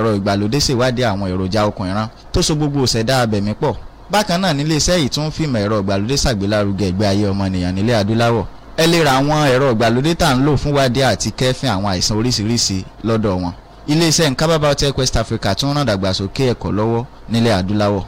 ẹ̀rọ ìgbàlódé ṣèwádìí àwọn èròjà okùn ìran tó so gbogbo ṣẹ̀dá abẹ̀mí pọ̀ bákan náà níléeṣẹ́ yìí tún fìmọ̀ ẹ̀rọ ìgbàlódé ṣàgbélárugẹ ìgbé ayé ọmọnìyàn nílé adúláwọ̀ ẹ lè ra àwọn ẹ̀rọ ìgbàlódé tá à ń lò fún wádìí àti kẹ́fìn àwọn àìsàn oríṣiríṣi lọ́dọ̀ wọn iléeṣẹ́ nkaba biotech West Africa tún ràn dàgbàsókè ẹ̀kọ́ lọ́wọ́ nílé adúláwọ̀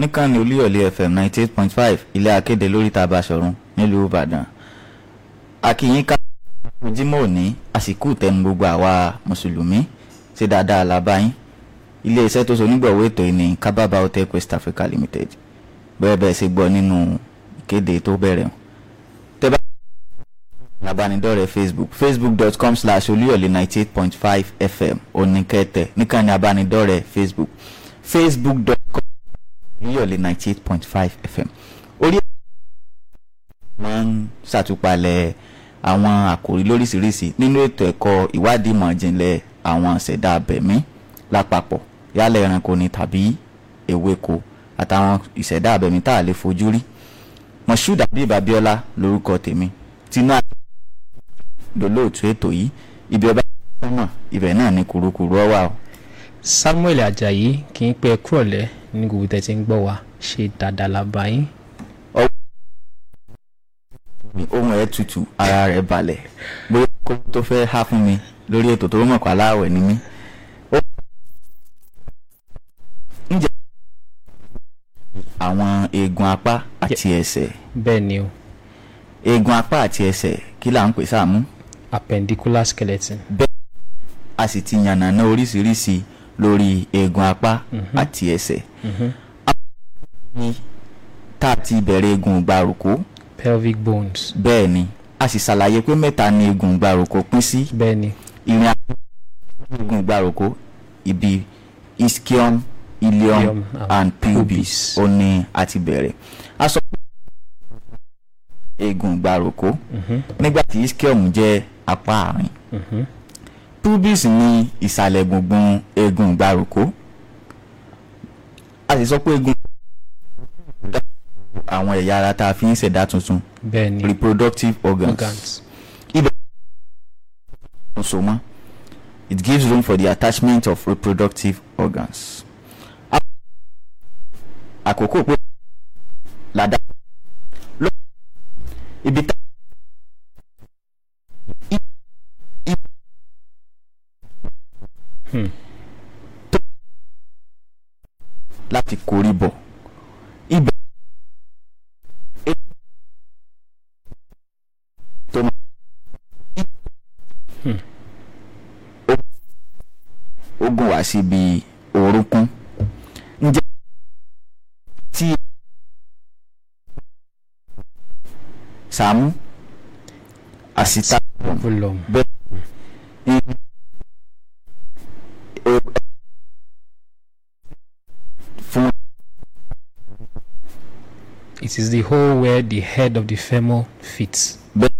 níkànnì olúyọ̀lé fm ninety eight point five ilé akéde lórí tabaṣọ̀run nílùú ìbàdàn akínyìn ká jímọ̀ òní àsìkò tẹnu gbogbo àwa mùsùlùmí ṣe dáadáa làbáyín ilé iṣẹ́ tó sonígbọ̀wọ́ ètò ìní kábàbà hotel west africa limited bẹ́ẹ̀ bẹ́ẹ̀ ṣe gbọ́ nínú ìkéde tó bẹ̀rẹ̀ wọn. tẹ́bá abánidọ́rẹ̀ẹ́ facebook facebook.com slash olúyọ̀lé ninety eight point five fm oníkẹ́tẹ̀ níkànnì abánidọ́rẹ̀ẹ́ facebook facebook.com níyọ̀lé ninety eight point five fm orí wọ́n ń ṣàtúpalẹ̀ àwọn àkòrí lóríṣiríṣi nínú ètò ẹ̀kọ́ ìwádìí ìmọ̀ ìjìnlẹ̀ àwọn ṣẹ̀dá abẹ̀mí lápapọ̀ yálà ẹranko ni tàbí ewéko àtàwọn ìṣẹ̀dá abẹ̀mí tá a lè fojú rí moshood abib abiola lórúkọ tèmi tinú lólóòtú ètò yìí ibi ọba sọmọ ibẹ̀ náà ni kùrukùru ọwà o. samuel ajayi kì í pẹ́ kúrọ̀lẹ́ ní gbogbo tẹ́ ti ń gbọ́ wa ṣe dáadáa la bá yín. ohun ẹ̀ tutù ara rẹ̀ balẹ̀ bóyá kó tó fẹ́ há fún mi lórí ètò tó mọ̀ pa láàwẹ̀ ni mí. àwọn eegun apá àti ẹsẹ̀. bẹ́ẹ̀ ni o. eegun apá àti ẹsẹ̀ kí là ń pè sáàmú. appendicular skeleton. bẹ́ẹ̀ a sì ti yànnàná oríṣiríṣi. Si lórí eegun apá mhm. àti ẹsẹ̀ mhm. tá a ti bẹ̀rẹ̀ eegun ìgbàrúkọ. pelvic bones. bẹ́ẹ̀ ni a sì ṣàlàyé pé mẹ́ta ni eegun ìgbàrúkọ pín sí. bẹ́ẹ̀ ni. ìrìn àjò eegun ìgbàrúkọ ibi ischium ilium, and pubis ó ní a ti bẹ̀rẹ̀ a sọ pé eegun ìgbàrúkọ mhm. nígbà tí ischium jẹ́ apá àárín. Mm -hmm pubis ni ìsàlẹ̀ gbùngbùn eegun ìgbàrúkọ a sì sọ pé eegun àwọn ẹ̀yà ara tá a fi ń ṣẹ̀dá tuntun reproductive organs, organs. ibẹ̀ so mọ́ it gives room for the attachment of reproductive organs. àkókò pé làdá ibi tá Hmm. láti korí bọ̀ ibẹ̀ tó máa ó hmm. gùn wá síbi orúnkún ǹjẹ́ tí Sàámú àsìtá bẹ́ẹ̀. It is the hole where the head of the femur fits. But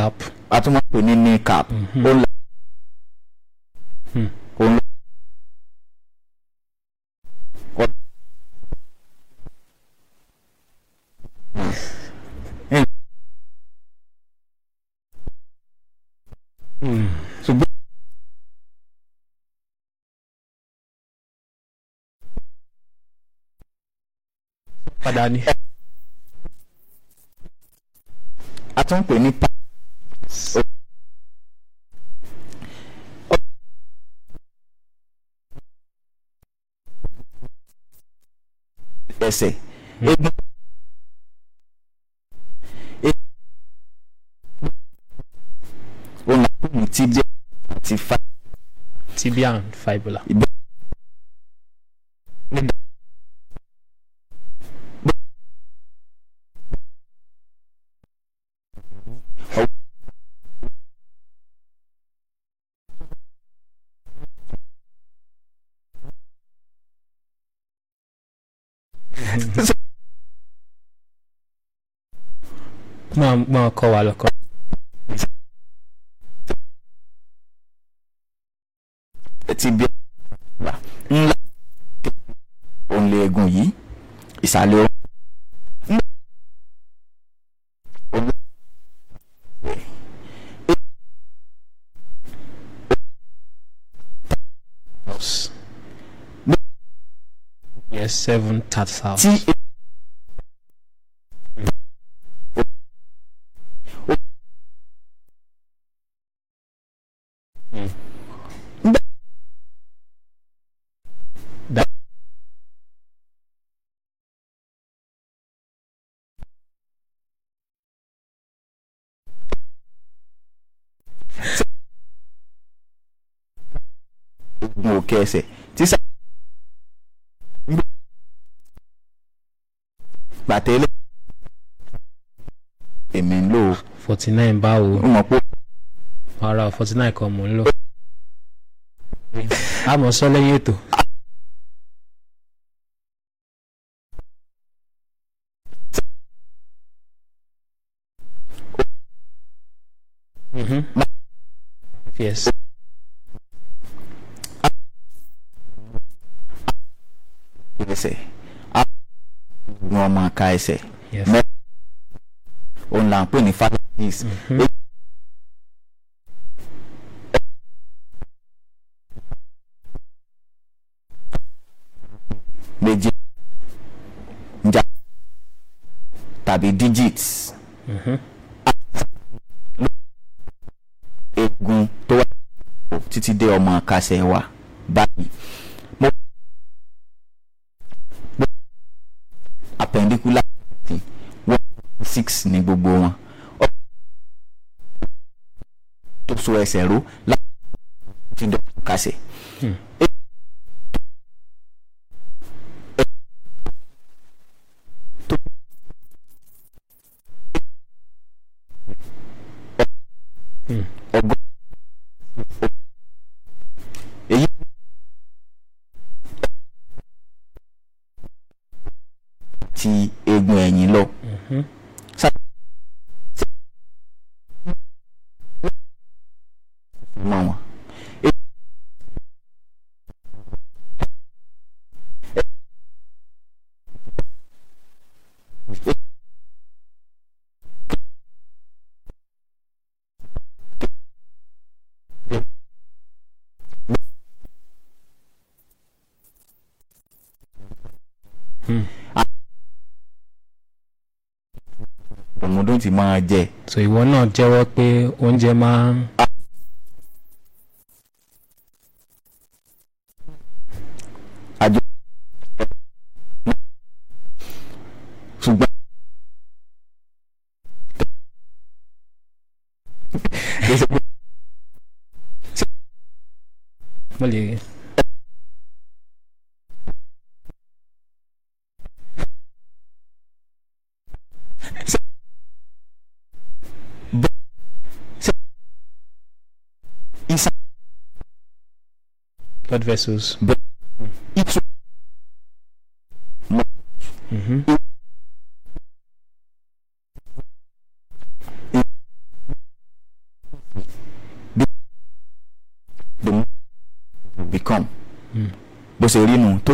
cap. a tún máa ń pè ní knee cap. Mhm. ó ń la òun ló ṣùgbọ́n padà ni. a tún pè ní pa ẹsẹ̀ egun ona ti dé àti fa. tibia and fibula. máa kọ́ wa lọ́kàn. ti bí ọ̀la ńlá òǹlẹ̀ ẹ̀gùn yìí ìsàlẹ̀ ọ̀la. seven thousand. gun òkè ẹsẹ̀ tí sáà gbàtẹ́ lé èmi ń lò. forty nine báwo ara forty nine kan mò ń lò. a mọ̀ sọ lẹ́yìn ètò. ka ẹsẹ̀ mẹ́ta òun là ń pè ní fatalities. Mm-hmm. méje nja tàbí digits. eegun mm-hmm. tó wà títí dé ọmọ kásẹ̀ wa báyìí. terrorists ní gbogbo wọn tó so ẹsẹ̀ ró láti fi dọ́kítà kásẹ̀. Hmm. Hmm. ti eegun ẹ̀yìn lọ. Mm-hmm. máa jẹ. so ìwọ náà jẹ́wọ́ pé oúnjẹ máa ń. àjọ blood vessels. But each mm-hmm. become bó ṣe rí nu tó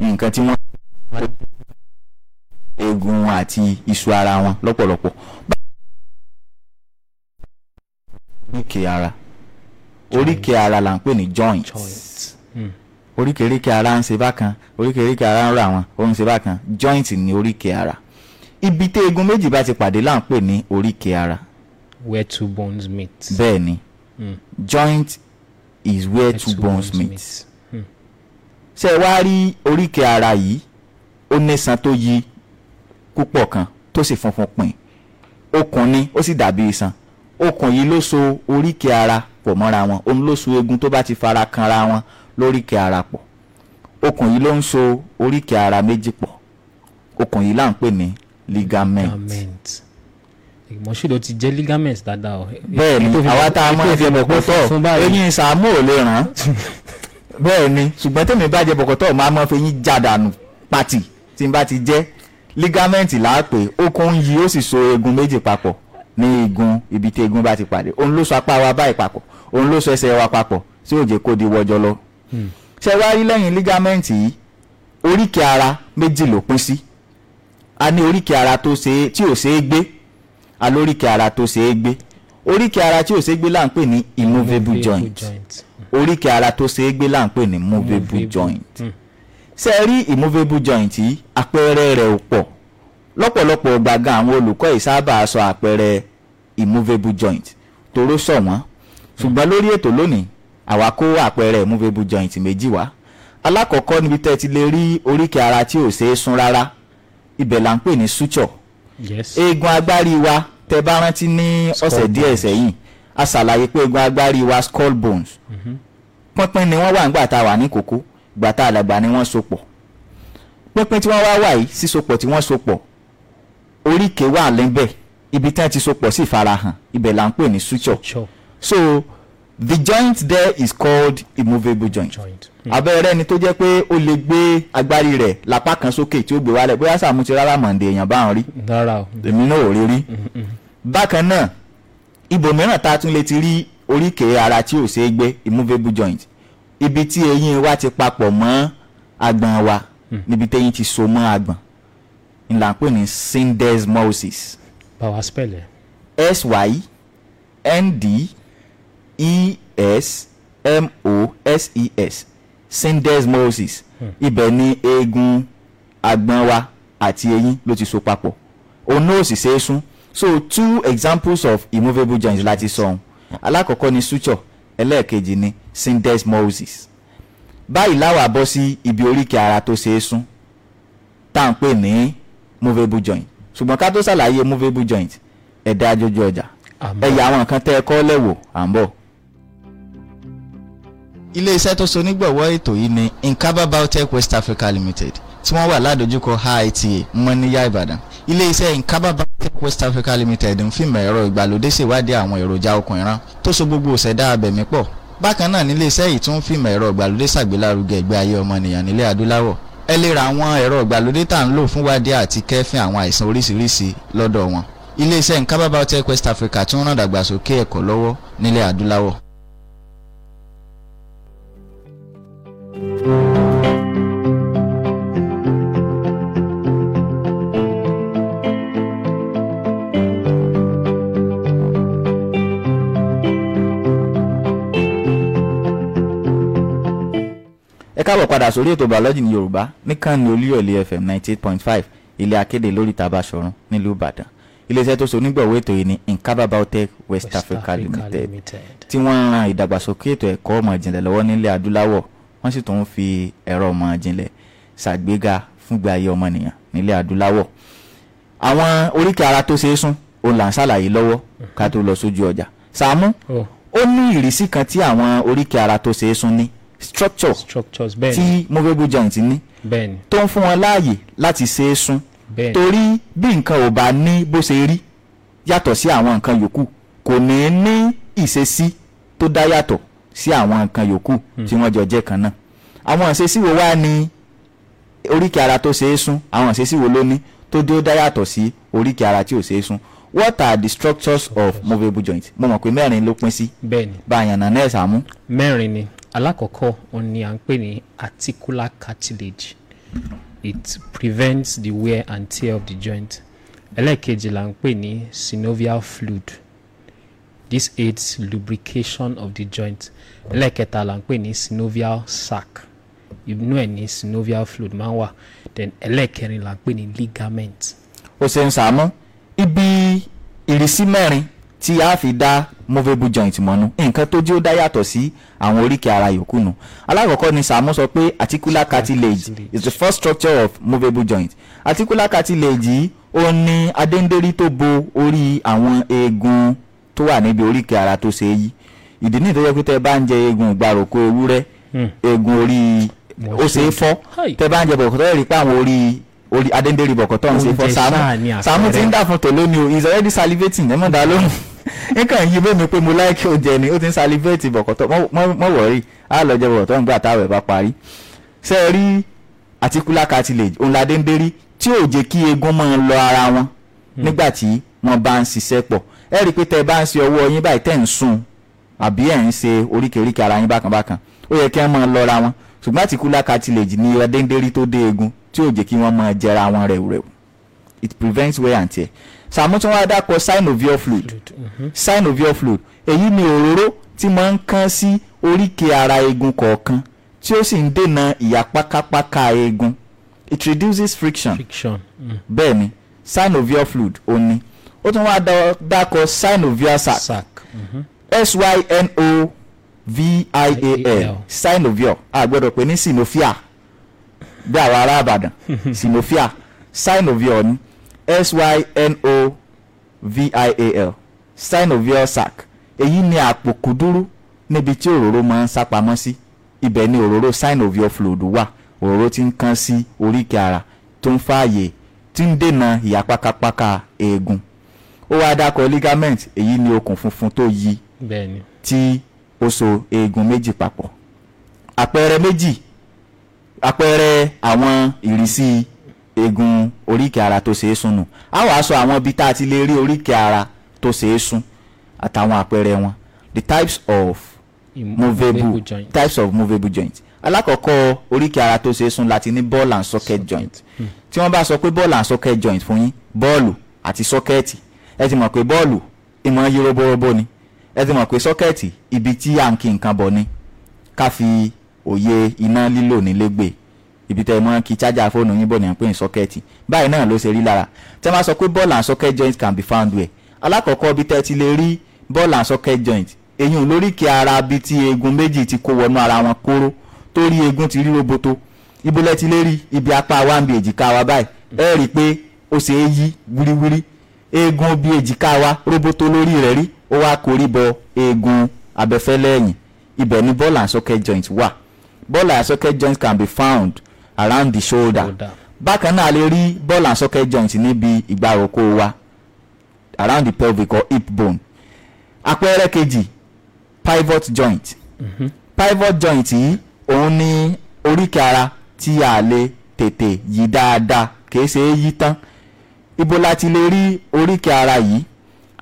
nǹkan tí wọ́n eegun àti iṣu ara wọn lọ́pọ̀lọpọ̀ oríkèé ara oríkèé ara là ń pè ní joint hmm. oríkèéríkèé ara ń ṣe bákan oríkèéríkèé ara ń ra wọn ó ń ṣe bákan joint ni oríkèé ara ibi tí eegun méjì bá ti pàdé là ń pè ní oríkèé ara. where two bones meet. bẹ́ẹ̀ ni mm. joint is where, where two, two bones, bones meet. Hmm. ṣé ẹ wá rí oríkèé ara yìí ó nísan tó yí púpọ̀ kan tó sì funfun pin okùn ni ó sì dàbí iṣan okùn yìí ló so oríkèé ara pọ̀ mọ́ra wọn òun ló so eegun tó bá ti fara kanra wọn lóríkèé ara pọ̀ okùn yìí ló ń so oríkèé ara méjì pọ̀ okùn yìí là ń pè ní ligament. ligament ìmọ̀ṣúlò ti jẹ́ ligament dáadáa o. bẹ́ẹ̀ni àwa tá a mọ ẹ̀fẹ̀ bọ̀kọ̀tọ̀ eyín sàmú ò lè ràn án bẹ́ẹ̀ni ṣùgbọ́n tèmi bá jẹ bọ̀kọ̀tọ̀ máa mọ fẹ́yìn jádànù pàtì tí n bá ti jẹ́ ligament là á okùn yìí ó sì so eegun méjì papọ̀ ní igun ibi tí igun bá ti pàdé òun ló sọ apá wa báyìí papọ̀ òun ló sọ ẹsẹ̀ wa papọ̀ tí ò kó di wọjọ lọ. Hmm. ṣé wàá rí lẹ́yìn lígámẹ́ǹtì yìí oríkèé ara méjì ló pín sí a ní oríkèé ara tó ṣe é tí ò ṣe é gbé a lóríkèé ara tó ṣe gbé oríkèé ara tí ò ṣe gbé là ní immovable joint hmm. oríkèé ara tó ṣe é gbé là ní movable joint hmm. ṣé ẹ rí immovable joint yìí àpẹẹrẹ rẹ̀ ò pọ̀ lọ́pọ̀lọpọ̀ gbàgán àwọn olùkọ́ ìsábà sọ àpẹẹrẹ immovable joint toró sọ wọ́n ṣùgbọ́n lórí ètò lónìí àwa kó àpẹẹrẹ immovable joint méjì wá alákọ̀ọ́kọ́ níbi tẹ́ ti lè rí oríkèé ara tí ò ṣeé sún rárá ibẹ̀ là ń pè ní suture eegun agbárí wa tẹ́ bá rántí ní ọ̀sẹ̀ díẹ̀ sẹ́yìn a ṣàlàyé pé eegun agbárí wa skull bones mm-hmm. pínpín ni wọ́n wà nígbà tá a wà ní kókó ìgbà tá a dàgbà ni wọ́n so pọ̀ pínpín tí wọ́n wá wà yìí sísopọ̀ tí wọ́n so pọ̀ oríkèé wà lẹ́bẹ̀ ibi tí wọ́n ti so pọ̀ sí ìfarahàn ibẹ̀ là ń pè ní suture so the joint there is called immovable joint hmm. abẹ́rẹ́ ni tó jẹ́ pé ó lè gbé agbárí rẹ̀ lápá kan sókè tí ó gbé wálẹ̀ bóyá sàmú ti rárá mọ̀ǹdé èèyàn bá wọn rí èmi náà ò rí rí hmm, hmm, bákan náà ibòmíràn tá a tún lè ti rí oríkèé ara tí ò ṣeé gbé immovable joint ibi tí eyín wa ti papọ̀ mọ́ agbọ̀n wa níbi tẹ́yìn ti so mọ́ agbọ̀n ńlá ń pè ní syndesmosis. báwa spẹ̀lẹ̀. s y n d e s m o s e s syndesmosis hmm. ibẹ̀ ni eegun agbọ̀n wa àti eyín ló ti so papọ̀ òun náà sì ṣe é so two examples of immovable joints láti sọ ohun alákọ̀ọ́kọ́ ni suture ẹlẹ́ẹ̀kejì ni syndesmosis báyìí láwa bọ́ sí ibi oríkèé ara tó ṣe é sún tá à ń pè ní movable joint ṣùgbọ́n ká tó ṣàlàyé movable joint ẹ̀dá ajojú ọjà ẹ̀yà àwọn nǹkan tẹ́ ẹ kọ́ lẹ́wọ̀ à ń bọ̀. iléeṣẹ́ tó so nígbọ̀wọ́ ètò yìí ni Inkaba Biotech West Africa Limited tí wọ́n wà ládojúkọ IITA mọ́níyà Ìbàdàn iléeṣẹ́ Inkaba Biotech West Africa Limited ń fìmọ̀ ẹ̀rọ ìgbàlódé ṣèwádìí àwọn èròjà okùn ìran tó so gbogbo òṣèdá abẹ̀mí pọ̀ bákan náà níléeṣẹ́ yìí tún fìmọ̀ ẹ̀rọ ìgbàlódé ṣàgbélárugẹ ìgbé ayé ọmọnìyàn nílẹ̀ adúláwọ̀ ẹ lè ra àwọn ẹ̀rọ ìgbàlódé tá à ń lò fún wádìí àti kẹ́fìn àwọn àìsàn oríṣiríṣi lọ́dọ̀ wọn iléeṣẹ́ nkaba biotech west africa tún ràn dàgbàsókè ẹ̀kọ́ lọ́wọ́ nílẹ̀ adúláwọ̀ káàbọ̀ padà sórí ètò biology ní yorùbá níkànnì olúyọ̀lé fm ninety eight point five ilé akéde lórí tabaṣọ̀run nílùú ìbàdàn iléeṣẹ́ tó so onígbọ̀wọ́ ètò yìí ní nkaba biotech west, west africa, africa limited tí wọ́n ń ran ìdàgbàsókè ètò ẹ̀kọ́ ọmọ ìjìnlẹ̀ lọ́wọ́ nílẹ̀ adúláwọ̀ wọ́n sì tún ń fi ẹ̀rọ ọmọ ìjìnlẹ̀ ṣàgbéga fúngbà ayé ọmọnìyàn nílẹ̀ adúláwọ̀ àwọn oríkèé ara tó ṣeé sún òun là ń ṣàlàyé lọ́wọ́ ká tó lọ sójú ọjà Sàámú oh. ó ní ìrísí kan tí àwọn oríkèé ara tó ṣeé sún ní structure structures bẹ́ẹ̀ tí movable joint ní bẹ́ẹ̀ ni tó ń fún wọn láàyè láti ṣe é sún bẹ́ẹ̀ ni torí bí nǹkan ò bá ní bó ṣe rí yàtọ̀ sí àwọn nǹkan yòókù kò ní ní ìṣesí tó dá yàtọ̀ sí àwọn nǹkan yòókù hmm. tí wọ́n jọ jẹ́ kan náà àwọn ìṣesí wo wá ní oríkì ara tó ṣe é sún àwọn ìṣesí wo ló ní tó dé ó dá yàtọ̀ sí oríkì ara tí ò ṣe é sún what are the structures of movable joint mo mọ̀ pé mẹ́rin ló pín sí báyìí nàá nẹ́ẹ̀sà mú. mẹ́rin ni Alakoko òun ni à articular cartilage it prevents the wear and tear of the joint ẹlẹ́ẹ̀kejì là ń synovial fluid this aids lubrication of the joint ẹlẹ́ẹ̀kẹta là ń synovial sac inú ẹ̀ ní synovial fluid máa ń then ẹlẹ́ẹ̀kẹrin là ń pè ní ligament. ó ṣe ń ibi ìrísí mẹ́rin tí a fi dá movable joint mọ́nú nǹkan tó jẹ́ ó dá yàtọ̀ sí àwọn oríkèé ara yòókù nù alákọ̀ọ́kọ́ ni Sàámú sọ pé articular cartilage is the first structure of movable joint articular cartilage yìí ó ní adéǹdérí tó bo orí àwọn eegun tó wà níbi oríkèé ara tó ṣe é yí ìdí nìyí tó yẹ pé tẹ bá ń jẹ eegun ìgbàròkó ewúrẹ́ hmm. eegun orí ó ṣe é fọ́ tẹ bá ń jẹ bọ̀kọ̀tọ̀ ẹ̀rí pé àwọn orí orí adéǹdérí bọ̀kọ̀tọ̀ ń ṣe é fọ́ Sàámú Sàámú ti ń dà fún tòlónìí o he is already salivating ẹ̀ mọ̀ dá lóhùn nǹkan yìí bẹ́ẹ̀ mi pé mo láìkí oúnjẹ ni ó ti ń salivate bọ̀kọ̀tọ̀ mọ́ wọ̀rí á lọ jẹ bọ̀kọ̀tọ̀ nígbà táwọn ẹ̀ bá parí ṣe rí articular cartilage òun tí ò jẹ́ kí eegun máa lọ ara wọn hmm. nígbà tí wọ́n bá ń ṣiṣẹ́ pọ̀ ẹ rí i pé tẹ́ bá ń ṣe ọwọ́ yín báyìí tẹ́ ń sùn àbí ẹ̀ ń ṣe oríkèéríkè ara yín bákan bákan ó yẹ kí wọ́n máa lọ́ra wọn ṣùgbọ́n articular cartilage ni ọdẹ́ndérí tó dé eegun tí ò jẹ́ kí wọ́n máa jẹra wọn rẹ̀wùrẹ̀wù it prevents wear and tear sàmútúnwá dákọ synovial fluid mhm. synovial fluid èyí ni òróró tí máa ń kán sí oríkèé ara eegun kọ̀ọ̀kan tí ó sì ń dènà ìyàpákápáká eegun it reduces friction, friction. Mm. bẹ́ẹ̀ ni synovial fluid ò ní ó tún wá dákọ synovial sac, sac. Mhm. s y n o v i Mm -hmm. synovial synovial àgbẹ̀dọ̀ pé ní sinofia bí àwọn ará àbàdàn sinofia synovial ni synovial synovial sac èyí ni àpò kúdúrú níbi tí òróró máa ń sá sí ibẹ̀ ni òróró synovial fluid wà òróró tí ń kan sí oríkèé ara tó ń fààyè tí ń dènà ìyá pákápáká eegun ó wá dákọ ligament èyí ni okùn funfun tó yí tí ó so eegun méjì papọ̀ àpẹẹrẹ méjì àpẹẹrẹ àwọn ìrísí eegun oríkèé ara tó ṣeé sùn nù a wàá sọ àwọn ibi tá a ti lè rí oríkèé ara tó ṣeé sùn àtàwọn àpẹẹrẹ wọn the types of movable types of movable joint alákọ̀ọ́kọ́ oríkèé ara tó ṣeé sùn láti ní ball and socket joint hmm. tí wọ́n bá sọ pé ball and socket joint fún yín bọ́ọ̀lù àti sọ́kẹ́ẹ̀tì ẹ ti mọ̀ pé bọ́ọ̀lù ìmọ̀ yí roborobo ni ẹ ti mọ̀ pé sọ́kẹ́ẹ̀tì ibi tí à ń kí nǹkan bọ̀ ni ká fi òye iná lílò nílé gbé e ibi tẹ́ ẹ mọ́ kí chájà fóònù yín bọ̀ ní à ń pè ní báyìí náà ló ṣe rí lára tẹ́ máa sọ pé ball and socket joint can be found where alákọ̀ọ́kọ́ ibi tẹ́ ti lè rí ball and socket joint eyín olóríkèé ara bíi ti eegun méjì ti kó wọnú ara wọn kóró tó rí eegun ti rí roboto ibo lẹ ti lè rí ibi apá wa ń bi èjìká wa báyìí ẹ rí i pé ó ṣe é yí wíríwírí eegun bí èjìká wa roboto lórí rẹ̀ rí ó wá korí bọ eegun abẹ́fẹ́lẹ́ ibẹ̀ ni ball and socket joint wà ball and socket joint can be found around the shoulder bákan náà a lè rí ball and socket joint níbi ìgbàròkó wa around the pelvic or hip bone àpẹẹrẹ kejì pivot joint mm -hmm. pivot joint yìí òun ni oríkèé ara tí a lè tètè yí dáadáa kìí ṣe é yí tán ibo la ti lè rí oríkèé ara yìí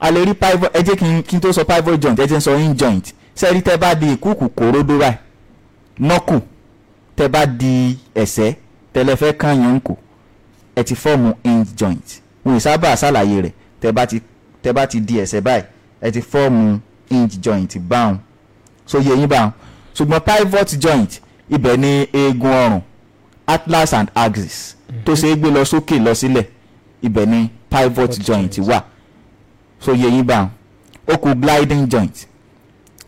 a lè rí pivot ẹ jẹ́ kí n tó sọ pivot joint ẹ jẹ́ sọ hinge joint sẹ́ẹ̀rí tẹ́ bá di ìkúùkù kòródó báyìí nọ́kù tẹ bá di ẹ̀sẹ̀ tẹlẹ fẹ́ kàn yín kù ẹ ti fọ́ọ̀mù hinge joint wọn ì sábà ṣàlàyé rẹ̀ tẹ bá ti tẹ bá ti di ẹ̀sẹ̀ báyìí ẹ ti fọ́ọ̀mù hinge joint báwọn so yẹ yín báwọn ṣùgbọ́n pivot joint ibẹ̀ ni eegun ọrùn atlas and axis tó mhm. ṣe é gbé lọ sókè lọ sílẹ̀ ibẹ̀ ni pivot joint wà so yẹ yín báwọn ó gliding joint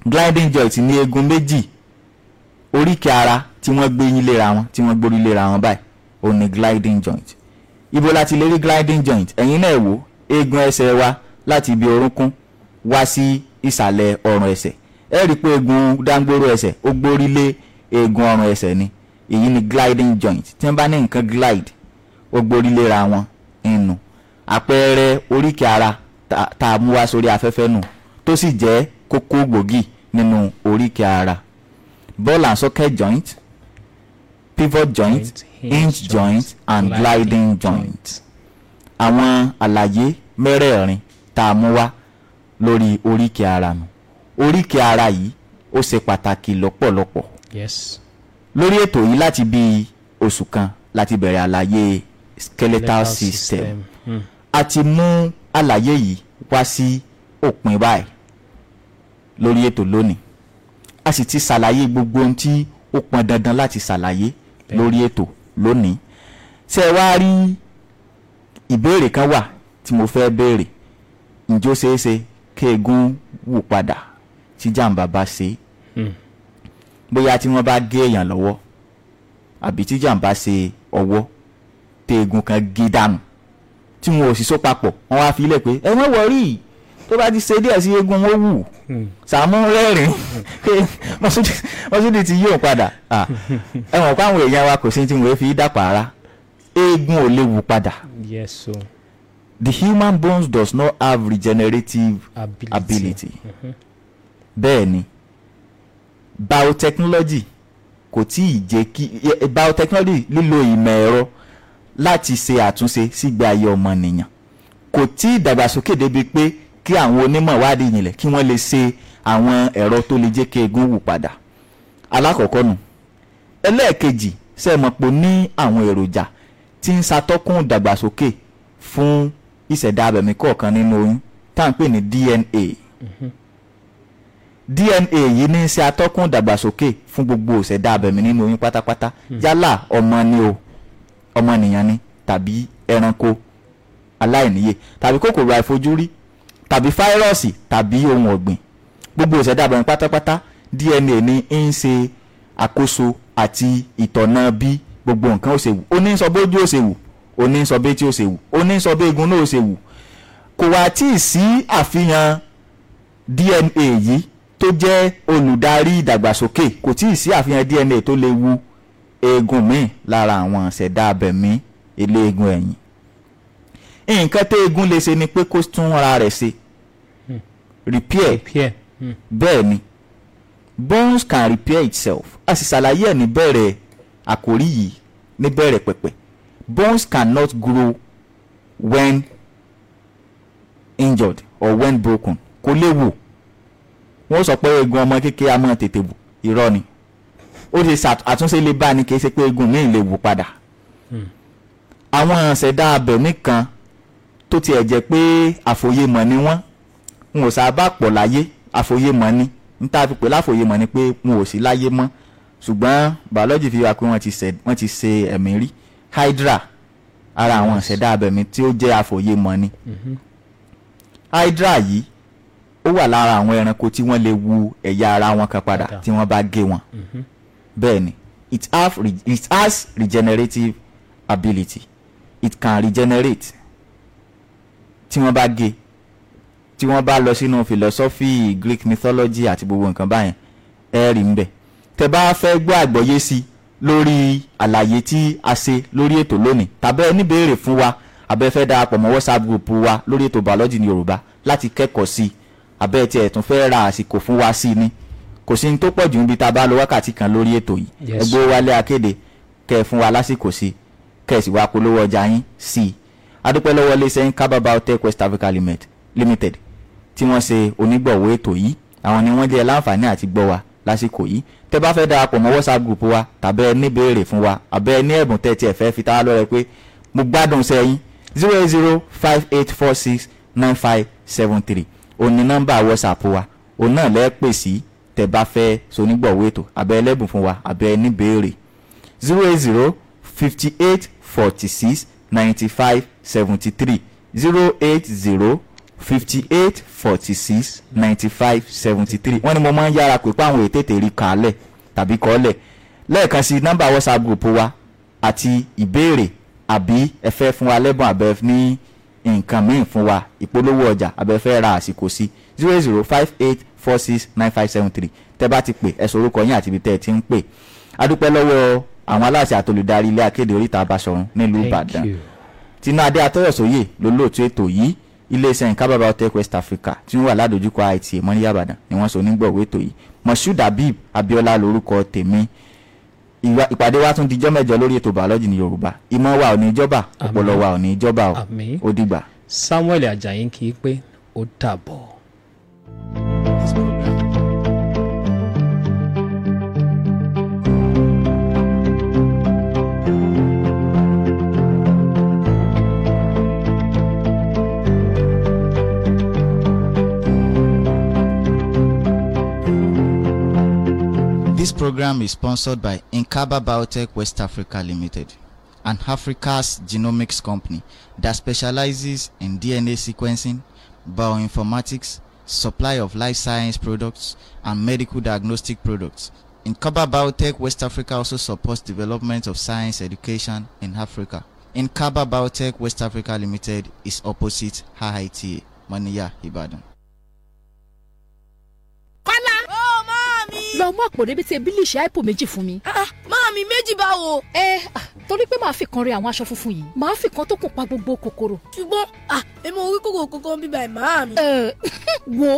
gliding joint ni eegun méjì oríkèé ara tí wọ́n gbé yín léra wọn tí wọ́n gbórí léra wọn báyìí òun ni gliding joint ibo la ti gliding joint ẹ̀yin náà wò eegun ẹsẹ̀ wa láti ibi orúnkún wá sí ìsàlẹ̀ ọrùn ẹsẹ̀ ẹ rí i pé eegun dáńgbóró ẹsẹ̀ ó gbórí lé eegun ọrùn ẹsẹ̀ ni èyí ni gliding joint tí wọ́n bá ní nǹkan glide ó gbórí léra wọn inú àpẹẹrẹ oríkèé ara tá a mú wá sórí afẹ́fẹ́ nù tó sì jẹ́ kókó gbòógì nínú oríkèé ara ball and socket joint pivot joint hinge joint and gliding joint. àwọn àlàyé mẹ́rẹ̀ẹ̀rin tá a mú wá lórí oríkèé ara nù oríkèé ara yìí ó ṣe pàtàkì lọ́pọ̀lọpọ̀. yes. lórí ètò yìí láti bí oṣù kan láti bẹ̀rẹ̀ àlàyé skeletal system. system. Hmm. a ti mú àlàyé yìí wá sí òpin báyìí lórí ètò lónìí a sì ti ṣàlàyé gbogbo ohun tí ó pọn dandan láti ṣàlàyé lórí ètò lónìí ṣé ẹ wá rí ìbéèrè kan wà tí mo fẹ́ béèrè ǹjẹ́ ó ṣeé ṣe kéegun wù padà tí jàǹbá bá ṣe hmm. bóyá tí wọ́n bá gé èèyàn lọ́wọ́ àbí tí jàǹbá ṣe ọwọ́ téegun kan gé dànù tí wọn ò sì so papọ̀ wọn wá fi ilẹ̀ pé ẹ wọ́n wọrí tó bá ti ṣe díẹ̀ sí eegun wọn wù Sàámú rẹ́rìn pé mọ́súdì ti yí òun padà ẹ̀wọ̀n pàwọn èèyàn wa kò sí tí wọ́n fi dàpọ̀ ara eégún ò léwu padà. Yes, so. The human bones does not have regenerative ability. ability. Mm-hmm. Bẹ́ẹ̀ ni biotechnology kò tí ì jẹ́ kí biotechnology lílo ìmọ̀ ẹ̀rọ láti ṣe àtúnṣe sígbé ayé ọmọnìyàn kò tí ì débi pé kí àwọn onímọ̀ wádìí ìjìnlẹ̀ kí wọ́n lè ṣe àwọn ẹ̀rọ tó lè jẹ́ kí eegun wù padà alákọ̀ọ́kọ́ nu ẹlẹ́ẹ̀kejì sẹ́ẹ̀mọ̀pọ̀ ní àwọn èròjà tí ń ṣàtọ́kùn ìdàgbàsókè fún ìṣẹ̀dá abẹ̀mí kọ̀ọ̀kan nínú oyún tá à ń pè ní DNA mhm. DNA yìí ní í ṣe atọ́kùn ìdàgbàsókè fún gbogbo ìṣẹ̀dá abẹ̀mí nínú oyún pátápátá mhm. yálà ọmọ ni o ọmọnìyàn ni tàbí ẹranko aláìníye tàbí kòkòrò àìfojúrí tàbí fáírọ́ọ̀sì tàbí ohun ọ̀gbìn gbogbo ìṣẹ̀dá abẹ̀mí pátápátá DNA ni ń ṣe àkóso àti ìtọ̀nà bí gbogbo nǹkan ó ṣe wù ó ní sọ bójú ó ṣe wù ó ní sọ bétí ó ṣe wù ó ní sọ bégun náà ó ṣe wù kò wá tí ì sí àfihàn DNA yìí tó jẹ́ olùdarí ìdàgbàsókè kò tí ì sí àfihàn DNA tó lè wu eegun míì lára àwọn ṣẹ̀dá abẹ̀mí eléegun ẹ̀yìn nǹkan tó eegun lè ṣe ni pé kó tún ara rẹ̀ ṣe repair hmm. bẹ́ẹ̀ ni bones can repair itself a sì ṣàlàyé ẹ̀ níbẹ̀rẹ̀ àkórí yìí níbẹ̀rẹ̀ pẹ̀pẹ̀ bones cannot grow when injured or when broken kò lè wò wọ́n sọ pé eegun ọmọ kékeré a máa tètè wò irọ́ ni ó ṣe àtúnṣe lè bá ni kì í ṣe pé eegun míì lè wò padà hmm. àwọn àṣẹ̀dá abẹ̀ nìkan tó tiẹ̀ jẹ́ pé àfòyemọ̀ ni wọ́n n ò sábà pọ̀ láyé àfòyémọ̀ ni n tá a fi pè láfòyémọ̀ ni pé n ò sí láyé mọ́ ṣùgbọ́n biology fi wá pé wọ́n ti ṣe ẹ̀mí rí hydra ara àwọn ìṣẹ̀dá abẹ̀mí tí ó jẹ́ àfòyémọ̀ ni mm-hmm. hydra yìí ó wà lára àwọn ẹranko tí wọ́n lè wu ẹ̀yà ara wọn kan padà tí wọ́n bá gé wọn mm-hmm. bẹ́ẹ̀ ni it, have it has regenerative ability it can regenerate tí wọ́n bá gé tí wọ́n bá lọ sínú philosophy Greek mythology àti gbogbo nǹkan báyẹn ẹ rí ń bẹ̀ tẹ́ bá fẹ́ gbọ́ àgbọ́yé sí lórí àlàyé tí a ṣe lórí ètò lónìí tàbẹ́ níbèrè fún wa abẹ́ fẹ́ darapọ̀ mọ́ WhatsApp group wa lórí ètò biology ní Yorùbá láti kẹ́kọ̀ọ́ sí abẹ́ tí ẹ̀ tún fẹ́ ra àsìkò fún wa sí ni kò sí ní tó pọ̀ jù níbi tá a bá lò wákàtí kan lórí ètò yìí ẹgbẹ́ wálé akéde kẹ́ ẹ fún wa lásìkò sí kẹ́ ẹ sì wá polówó ọjà yín sí i adúpẹ́ lọ́wọ́ iléeṣẹ́ yín Kaba Biotech West Africa Limited tí wọ́n ṣe onígbọ̀wọ́ ètò yìí àwọn ni wọ́n jẹ́ láǹfààní àti gbọ́ wa lásìkò yìí tẹ́ bá fẹ́ darapọ̀ mọ́ whatsapp group wa tàbí ẹ ní béèrè fún wa àbí ní ẹ̀bùn tẹ́ tiẹ̀ fẹ́ fi tá a lọ́rẹ pé mo gbádùn sẹ́yìn zero eight zero five eight four six nine five seven three òní nọ́mbà whatsapp wa òun náà lẹ́ pè sí tẹ́ bá fẹ́ sonígbọ̀wọ́ ètò àbí ẹ fún wa àbí ní béèrè zero eight zero fifty eight forty six ninety five seventy three zero eight zero fifty eight forty six ninety five seventy three wọ́n ní mo máa ń yára pé páwọn ètètè rí kàálẹ̀ tàbí kọ́lẹ̀ lẹ́ẹ̀kan sí nọ́mbà whatsapp group wa àti ìbéèrè àbí ẹ fẹ́ fún wa lẹ́bùn àbẹ ní nǹkan míì fún wa ìpolówó ọjà àbẹ fẹ́ ra àsìkò sí zero zero five eight four tẹ́ bá ti pè ẹ orúkọ yín àti ibi tẹ́ ẹ ti ń pè adúpẹ́ lọ́wọ́ àwọn aláṣẹ àtolùdarí ilé akéde oríta Basọ̀run nílùú Ìbàdàn tinú adé atọ́yọ̀sóyè lólóòtú ètò yìí iléeṣẹ́ nǹkan bàbá west africa tí wọ́n wà ládojúkọ àìtì e mọ́níyà ìbàdàn ni wọ́n sọ onígbọ̀wé ètò yìí moshood habib abiola lórúkọ tèmi ìpàdé wa tún dijọ́ mẹ́jọ lórí ètò bàọ́lọ́jì ní yorùbá ìmọ̀ wa ò ní jọba ọpọlọ wa ò ní jọba ó dìgbà. samuel ajayi kì í pé ó dàbọ̀. This program is sponsored by Incaba Biotech West Africa Limited, an Africa's genomics company that specializes in DNA sequencing, bioinformatics, supply of life science products, and medical diagnostic products. Incaba Biotech West Africa also supports development of science education in Africa. Incaba Biotech West Africa Limited is opposite HITA, Mania, Ibadan. lọ mú àpò rẹpẹtẹ bílíṣì àìpò méjì fún mi. Ah, ah, máàmì méjì báwo. ẹ ah, torí pé màá fi kan rẹ àwọn aṣọ funfun yìí màá fi kan tó kùn pa gbogbo kòkòrò. ṣùgbọ́n èmi ò rí kòkòrò kankan bíbá ẹ̀ máàmì. wo